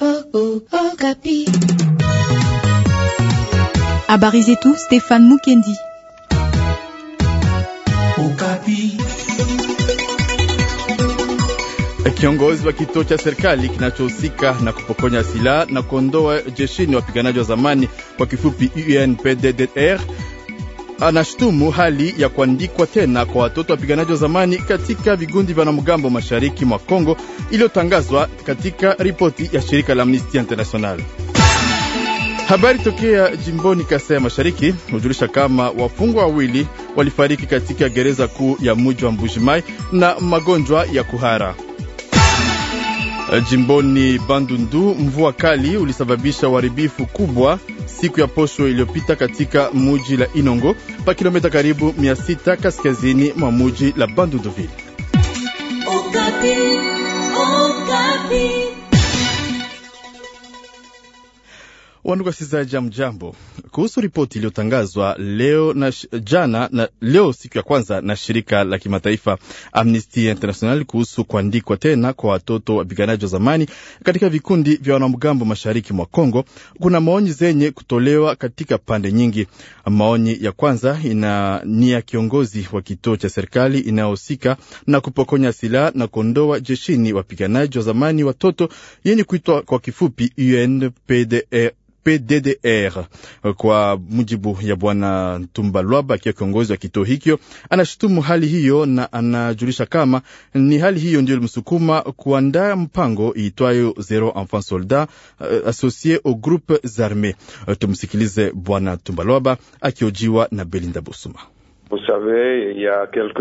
Oh, oh, oh, Habari zetu Stefan Mukendi. Okapi. Kiongozi wa kituo cha serikali kinachohusika na kupokonya silaha na kuondoa jeshini wapiganaji wa zamani, kwa kifupi UNPDDR anashutumu hali ya kuandikwa tena kwa watoto wapiganaji wa zamani katika vigundi vya wanamgambo mashariki mwa Kongo iliyotangazwa katika ripoti ya shirika la Amnesty International. Habari tokea jimboni Kasai ya Mashariki hujulisha kama wafungwa wawili walifariki katika gereza kuu ya muji wa mbujimai na magonjwa ya kuhara. Jimboni Bandundu, mvua kali ulisababisha uharibifu kubwa siku ya posho iliyopita katika muji la Inongo pa kilomita karibu 600 kaskazini mwa muji la Bandunduville. Wandugu wasikilizaji, mjambo. Kuhusu ripoti iliyotangazwa leo na jana na leo siku ya kwanza na shirika la kimataifa Amnesty International kuhusu kuandikwa tena kwa watoto wapiganaji wa zamani katika vikundi vya wanamgambo mashariki mwa Kongo, kuna maoni zenye kutolewa katika pande nyingi. Maoni ya kwanza ina ni ya kiongozi wa kituo cha serikali inayohusika na kupokonya silaha na kuondoa jeshini wapiganaji wa zamani watoto yenye kuitwa kwa kifupi UNPDE PDDR. Kwa mujibu ya bwana tumba Lwaba, akiwa kiongozi wa kituo hikyo, anashutumu hali hiyo na anajulisha kama ni hali hiyo ndio ilimsukuma kuandaa mpango iitwayo Zero Enfant Soldat uh, eh, associe au groupe zarme. Eh, tumsikilize bwana Tumba Lwaba akiojiwa na Belinda Busuma.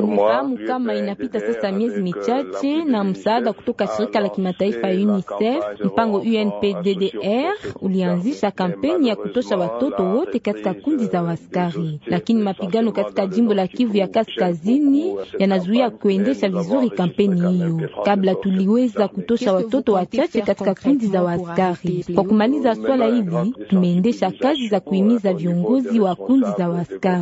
Mnafahamu kama inapita sasa miezi michache na msaada kutoka shirika la kimataifa ya UNICEF, mpango UNPDDR ulianzisha kampeni ya kutosha watoto wote katika kundi za waskari, lakini mapigano katika jimbo la Kivu ya kaskazini yanazuia kuendesha vizuri kampeni hiyo. Kabla tuliweza kutosha watoto wachache katika kundi za waskari. Kwa kumaliza swala hili, tumeendesha kazi za kuhimiza viongozi wa kundi za waskari,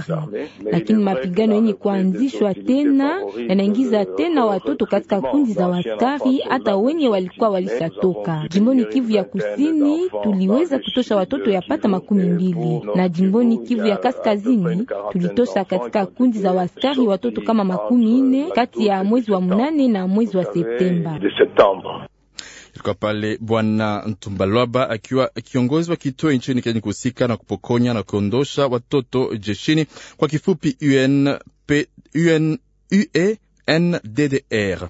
lakini mapigano yenye kuanzishwa tena yanaingiza tena watoto katika kundi za waskari, hata wenye walikuwa walishatoka jimboni Kivu ya Kusini. Tuliweza kutosha watoto yapata makumi mbili na jimboni Kivu ya Kaskazini tulitosha katika kundi za waskari watoto kama makumi nne kati ya mwezi wa munane na mwezi wa Septemba. Ilikuwa pale Bwana Ntumbalwaba akiwa kiongozi wa kituo nchini Kenya kuhusika na kupokonya na kuondosha watoto jeshini, kwa kifupi UN, UN, e UENDDR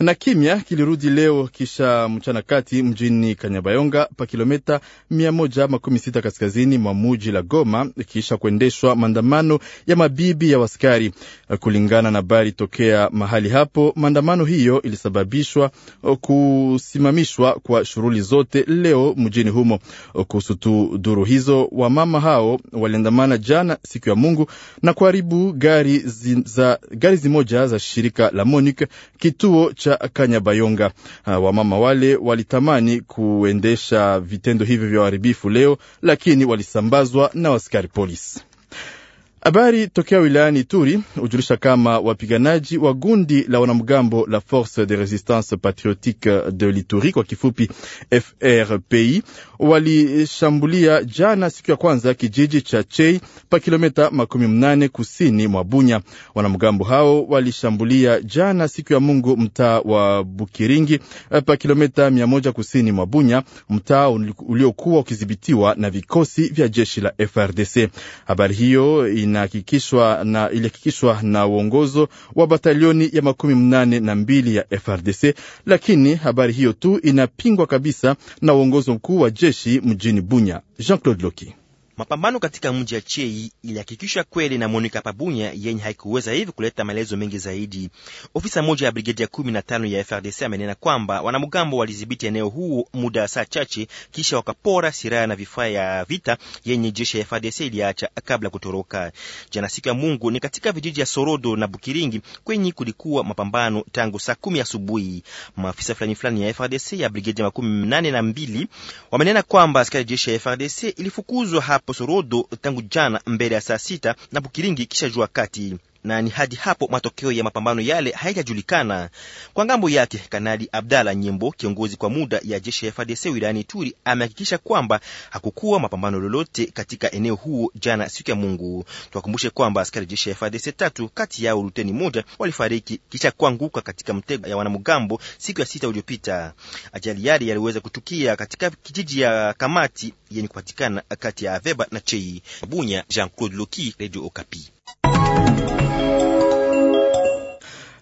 na kimya kilirudi leo kisha mchana kati mjini Kanyabayonga pa kilomita 116 kaskazini mwa muji la Goma, kisha kuendeshwa maandamano ya mabibi ya waskari. Kulingana na habari tokea mahali hapo, maandamano hiyo ilisababishwa uh, kusimamishwa kwa shughuli zote leo mjini humo. Uh, kuhusu tu duru hizo, wamama hao waliandamana jana siku ya Mungu na kuharibu gari zimoja za shirika la Monique kituo cha kanya Kanyabayonga. Ah, wamama wale walitamani kuendesha vitendo hivyo vya uharibifu leo, lakini walisambazwa na askari polisi. Habari tokea wilayani Turi hujulisha kama wapiganaji wa gundi la wanamgambo la Force de Resistance Patriotique de l'Ituri kwa kifupi FRPI walishambulia jana siku ya kwanza kijiji cha Chei pa kilomita makumi mnane kusini mwa Bunya. Wanamgambo hao walishambulia jana siku ya Mungu mtaa wa Bukiringi eh, pa kilomita mia moja kusini mwa Bunya, mtaa uliokuwa ukidhibitiwa na vikosi vya jeshi la FRDC. Habari hiyo inahakikishwa na ilihakikishwa na uongozo wa batalioni ya makumi mnane na mbili ya FRDC, lakini habari hiyo tu inapingwa kabisa na uongozo mkuu wa jeshi mjini Bunya. Jean Claude Loki Mapambano katika mji ya Chei ilihakikishwa kweli na Monika Pabunya yenye haikuweza hivi kuleta maelezo mengi zaidi. Ofisa mmoja ya brigedi ya 15 ya FRDC amenena kwamba wanamgambo walidhibiti eneo huo muda saa chache kisha wakapora silaha na vifaa ya vita yenye jeshi ya FRDC iliacha kabla kutoroka. Jana siku ya Mungu ni katika vijiji ya Sorodo na Bukiringi kwenye kulikuwa mapambano tangu saa kumi asubuhi. Maafisa fulani fulani ya FRDC ya brigedi ya makumi nane na mbili wamenena kwamba askari jeshi ya FRDC ilifukuzwa hapa Posorodo tangu jana mbele ya saa sita na Bukiringi kisha jua kati na ni hadi hapo matokeo ya mapambano yale hayajajulikana. Kwa ngambo yake, Kanali abdala Nyembo, kiongozi kwa muda ya jeshi ya FARDC wilayani Turi, amehakikisha kwamba hakukuwa mapambano lolote katika eneo huo jana siku ya Mungu. Tuwakumbushe kwamba askari jeshi ya FARDC tatu kati yao luteni moja walifariki kisha kuanguka katika mtego ya wanamgambo siku ya sita uliopita. Ajali yale yaliweza kutukia katika kijiji ya Kamati yenye kupatikana kati ya Aveba na Chei. Bunya, Jean Claude Loki, Radio Okapi.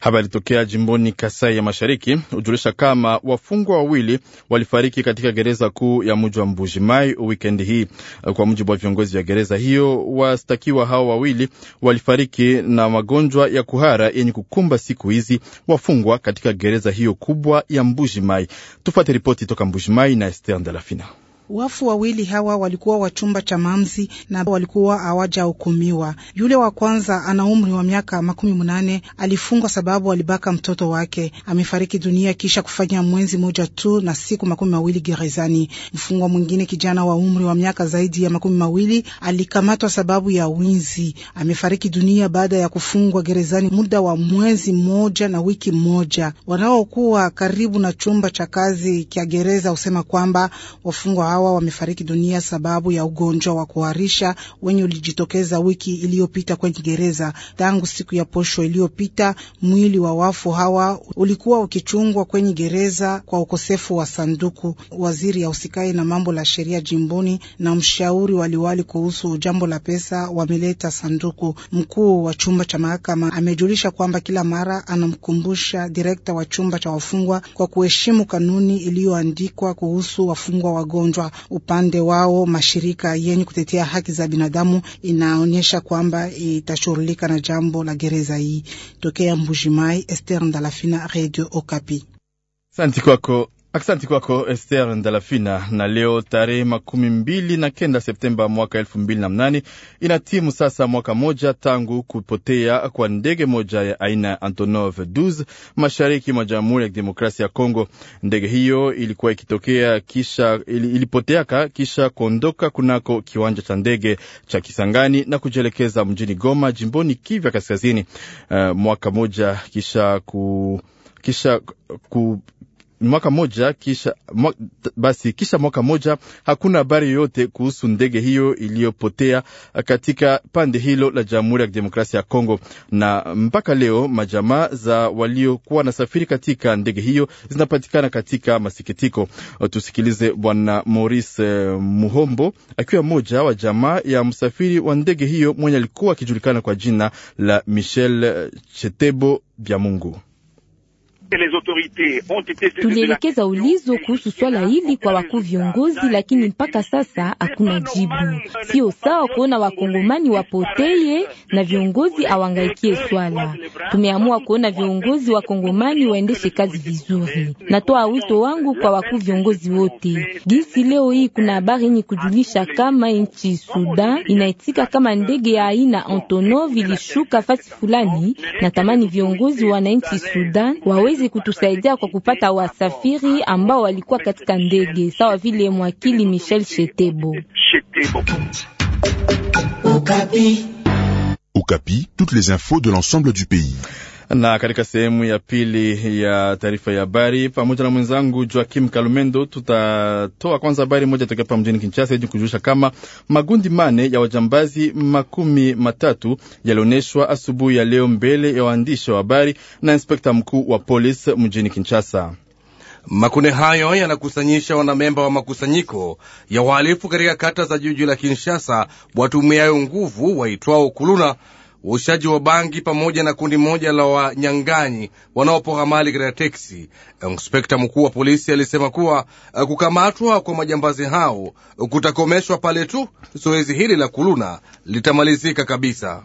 Habari ilitokea jimboni Kasai ya Mashariki hujulisha kama wafungwa wawili walifariki katika gereza kuu ya mji wa Mbujimai wikendi hii. Kwa mujibu wa viongozi wa gereza hiyo, wastakiwa hao wawili walifariki na magonjwa ya kuhara yenye kukumba siku hizi wafungwa katika gereza hiyo kubwa ya Mbujimai. Tufate ripoti toka Mbujimai na Ester Ndalafina. Wafu wawili hawa walikuwa wa chumba cha mamzi na walikuwa hawajahukumiwa. Yule wa kwanza ana umri wa miaka makumi munane, alifungwa sababu alibaka mtoto wake. Amefariki dunia kisha kufanya mwezi moja tu na siku makumi mawili gerezani. Mfungwa mwingine kijana wa umri wa miaka zaidi ya makumi mawili alikamatwa sababu ya wizi. Amefariki dunia baada ya kufungwa gerezani muda wa mwezi moja na wiki moja. Wanaokuwa karibu na chumba cha kazi kya gereza husema kwamba wafungwa hawa wamefariki dunia sababu ya ugonjwa wa kuharisha wenye ulijitokeza wiki iliyopita kwenye gereza. Tangu siku ya posho iliyopita, mwili wa wafu hawa ulikuwa ukichungwa kwenye gereza kwa ukosefu wa sanduku. Waziri ya usikai na mambo la sheria jimboni na mshauri waliwali kuhusu jambo la pesa wameleta sanduku. Mkuu wa chumba cha mahakama amejulisha kwamba kila mara anamkumbusha direkta wa chumba cha wafungwa kwa kuheshimu kanuni iliyoandikwa kuhusu wafungwa wagonjwa upande wao mashirika yenye kutetea haki za binadamu inaonyesha kwamba itashughulika na jambo la gereza hii. Tokea Mbujimai, Esther Ndalafina, Radio Okapi. Asante kwako Aksanti kwako Ester Ndalafina. Na leo tarehe makumi mbili na kenda Septemba mwaka elfu mbili na mnane inatimu sasa mwaka moja tangu kupotea kwa ndege moja ya aina ya Antonov 12 mashariki mwa Jamhuri ya Kidemokrasia ya Kongo. Ndege hiyo ilikuwa ikitokea kisha, ilipoteaka kisha kuondoka kunako kiwanja cha ndege cha Kisangani na kujielekeza mjini Goma, jimboni Kivya Kaskazini. Uh, mwaka moja kisha ku, kisha ku mwaka moja kisha, mwa, basi kisha mwaka moja hakuna habari yoyote kuhusu ndege hiyo iliyopotea katika pande hilo la Jamhuri ya Kidemokrasia ya Kongo, na mpaka leo majamaa za waliokuwa wanasafiri katika ndege hiyo zinapatikana katika masikitiko. Tusikilize Bwana Maurice eh, Muhombo akiwa mmoja wa jamaa ya msafiri wa ndege hiyo mwenye alikuwa akijulikana kwa jina la Michel Chetebo Byamungu. Tulielekeza ulizo kuhusu swala hili kwa wakuu viongozi, lakini mpaka sasa hakuna jibu. Sio sawa kuona wakongomani wapoteye na viongozi awangaikie swala. Tumeamua kuona viongozi wakongomani waendeshe kazi vizuri. Natoa wito wangu kwa wakuu viongozi wote, jinsi leo hii kuna habari yenye kujulisha kama nchi Sudan inaitika kama ndege ya aina Antonov ilishuka fasi fulani. Natamani viongozi wananchi Sudan wawe hawawezi kutusaidia kwa kupata wasafiri ambao walikuwa katika ndege, sawa vile mwakili Michel Shetebo. Okapi, toutes les infos de l'ensemble du pays. Na katika sehemu ya pili ya taarifa ya habari pamoja na mwenzangu Joakim Kalumendo, tutatoa kwanza habari moja tokea hapa mjini Kinshasa ili kujulisha kama magundi mane ya wajambazi makumi matatu yalionyeshwa asubuhi ya leo mbele ya waandishi wa habari na inspekta mkuu wa polisi mjini Kinshasa. Makundi hayo yanakusanyisha wanamemba wa makusanyiko ya wahalifu katika kata za jiji la Kinshasa watumiayo nguvu waitwao kuluna uoshaji wa bangi pamoja na kundi moja la wanyang'anyi wanaopora mali katika teksi. Inspekta mkuu wa polisi alisema kuwa eh, kukamatwa kwa majambazi hao kutakomeshwa pale tu zoezi hili la kuluna litamalizika kabisa.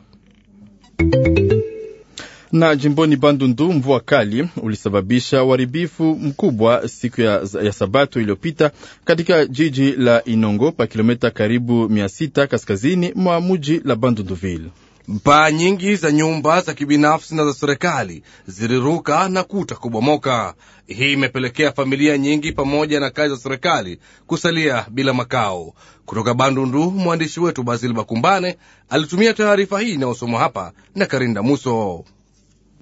Na jimboni Bandundu, mvua kali ulisababisha uharibifu mkubwa siku ya, ya Sabato iliyopita katika jiji la Inongo pa kilomita karibu mia sita kaskazini mwa muji la Bandunduville. Paa nyingi za nyumba za kibinafsi na za serikali ziliruka na kuta kubomoka. Hii imepelekea familia nyingi pamoja na kazi za serikali kusalia bila makao. Kutoka Bandundu, mwandishi wetu Basil Bakumbane alitumia taarifa hii inayosomwa hapa na Karinda Muso.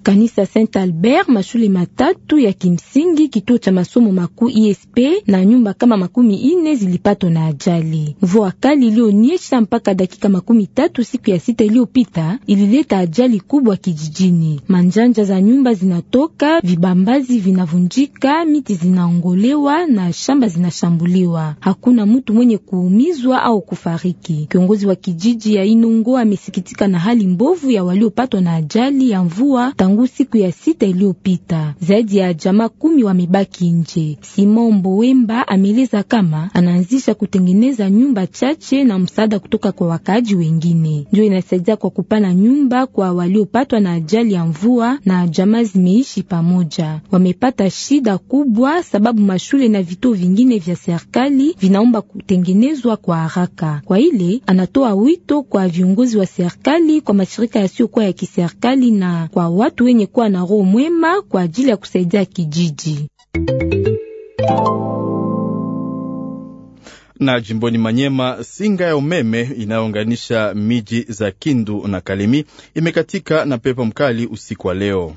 Kanisa Saint Albert, mashule matatu ya kimsingi, kituo cha masomo makuu ISP na nyumba kama makumi ine zilipatwa na ajali. Mvua kali iliyonyesha mpaka dakika makumi tatu siku ya sita iliyopita ilileta ajali kubwa kijijini. Manjanja za nyumba zinatoka, vibambazi vinavunjika, miti zinaongolewa na shamba zinashambuliwa. Hakuna mtu mwenye kuumizwa au kufariki. Kiongozi wa kijiji ya Inungo amesikitika na hali mbovu ya waliopatwa na ajali ya mvua tangu siku ya sita iliyopita. Zaidi ya jamaa kumi wamebaki nje. Simon Mbowemba ameleza kama anaanzisha kutengeneza nyumba chache na msaada kutoka kwa wakaaji wengine, ndio inasaidia kwa kupana nyumba kwa waliopatwa na ajali ya mvua, na jamaa zimeishi pamoja. Wamepata shida kubwa sababu mashule na vituo vingine vya serikali vinaomba kutengenezwa kwa haraka. Kwa ile anatoa wito kwa viongozi wa serikali, kwa mashirika yasiyokuwa ya kiserikali na kwa watu watu wenye kuwa na roho mwema kwa ajili ya kusaidia kijiji. Na jimboni Manyema, singa ya umeme inayounganisha miji za Kindu na Kalemi imekatika na pepo mkali usiku wa leo.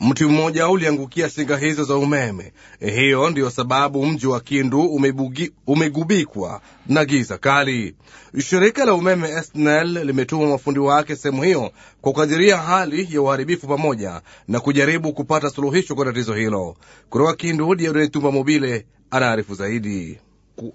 Mti mmoja uliangukia singa hizo za umeme. Eh, hiyo ndiyo sababu mji wa Kindu umebugi, umegubikwa na giza kali. Shirika la umeme SNEL limetuma mafundi wake sehemu hiyo kwa kukadiria hali ya uharibifu pamoja na kujaribu kupata suluhisho kwa tatizo hilo. Kutoka Kindu, Diodoni Tumba Mobile anaarifu zaidi.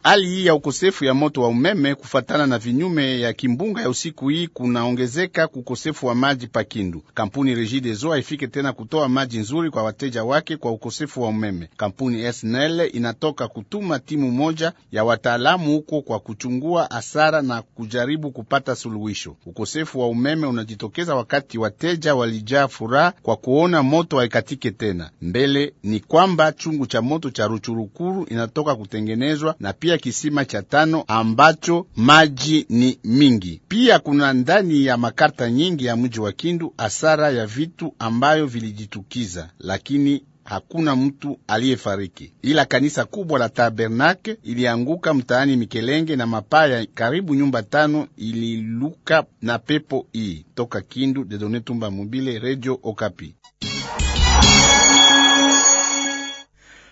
Hali ya ukosefu ya moto wa umeme kufatana na vinyume ya kimbunga ya usiku hii kunaongezeka kukosefu wa maji pa Kindu. Kampuni Regideso haifike tena kutoa maji nzuri kwa wateja wake kwa ukosefu wa umeme. Kampuni SNEL inatoka kutuma timu moja ya wataalamu huko kwa kuchungua hasara na kujaribu kupata suluhisho. Ukosefu wa umeme unajitokeza wakati wateja walijaa furaha kwa kuona moto haikatike tena. Mbele ni kwamba chungu cha moto cha Ruchurukuru inatoka kutengenezwa na na pia kisima cha tano ambacho maji ni mingi. Pia kuna ndani ya makarta nyingi ya mji wa Kindu asara ya vitu ambayo vilijitukiza, lakini hakuna mtu aliyefariki, ila kanisa kubwa la Tabernake ilianguka mtaani Mikelenge na mapaya karibu nyumba tano ililuka na pepo hii. Toka Kindu, Dedone Tumba Mobile, Radio Okapi.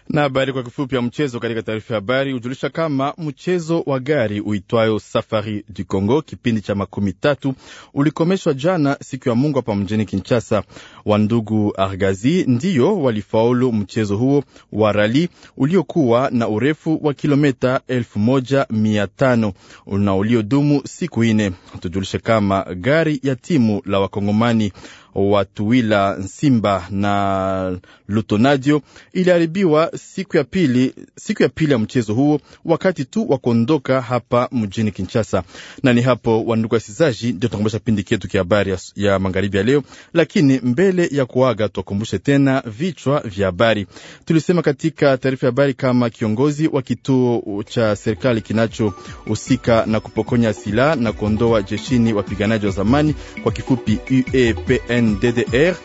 na habari kwa kifupi ya mchezo katika taarifa ya habari hujulisha kama mchezo wa gari uitwayo Safari du Congo kipindi cha makumi tatu ulikomeshwa jana siku ya Mungu hapa mjini Kinshasa. Wandugu Argazi ndiyo walifaulu mchezo huo wa rali uliokuwa na urefu wa kilometa elfu moja mia tano na uliodumu siku ine. Tujulishe kama gari ya timu la Wakongomani wa Tuwila Nsimba na Lutonadio iliharibiwa siku ya pili, siku ya pili ya mchezo huo wakati tu wa kuondoka hapa mjini Kinshasa. Na ni hapo wandugu wasikilizaji, ndio tunakumbusha pindi ketu kia habari ya, ya magharibi ya leo, lakini mbele ya kuaga tuwakumbushe tena vichwa vya habari tulisema katika taarifa ya habari kama kiongozi wa kituo cha serikali kinachohusika na kupokonya silaha na kuondoa jeshini wapiganaji wa zamani kwa kifupi UAPN CNDDR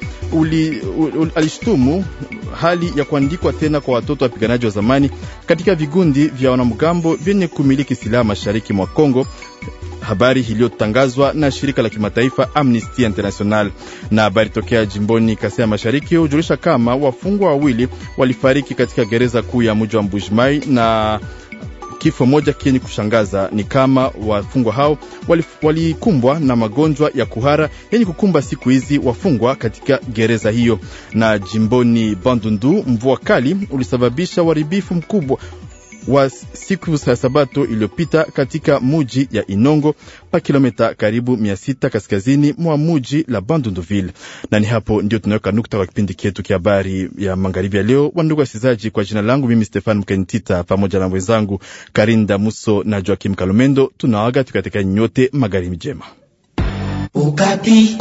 alishtumu hali ya kuandikwa tena kwa watoto wapiganaji wa zamani katika vigundi vya wanamgambo vyenye kumiliki silaha mashariki mwa Kongo, habari iliyotangazwa na shirika la kimataifa Amnesty International. Na habari tokea jimboni kasea Mashariki hujulisha kama wafungwa wawili walifariki katika gereza kuu ya mji wa Mbujimayi na Kifo moja kenye kushangaza ni kama wafungwa hao walikumbwa wali na magonjwa ya kuhara yenye kukumba siku hizi wafungwa katika gereza hiyo. Na jimboni Bandundu, mvua kali ulisababisha uharibifu mkubwa wa siku za Sabato iliyopita katika muji ya Inongo pa kilomita karibu mia sita kaskazini mwa muji la Bandunduville. Na ni hapo ndio tunaweka nukta kwa kipindi kietu kia habari ya magharibi ya leo. Wandugu wasikilizaji, kwa jina langu mimi Stefan Mkenitita pamoja na mwenzangu Karinda Muso na Joakim Kalumendo tunawaga tukatika nyote magharibi njema. Ukapi.